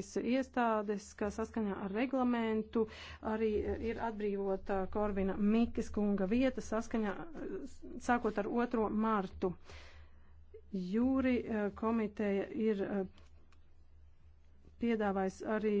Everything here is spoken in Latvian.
vairākas iestādes, ka saskaņā ar reglamentu arī ir atbrīvota Korvina Mikas kunga vieta saskaņā sākot ar 2. martu. Jūri eh, komiteja ir eh, piedāvājis arī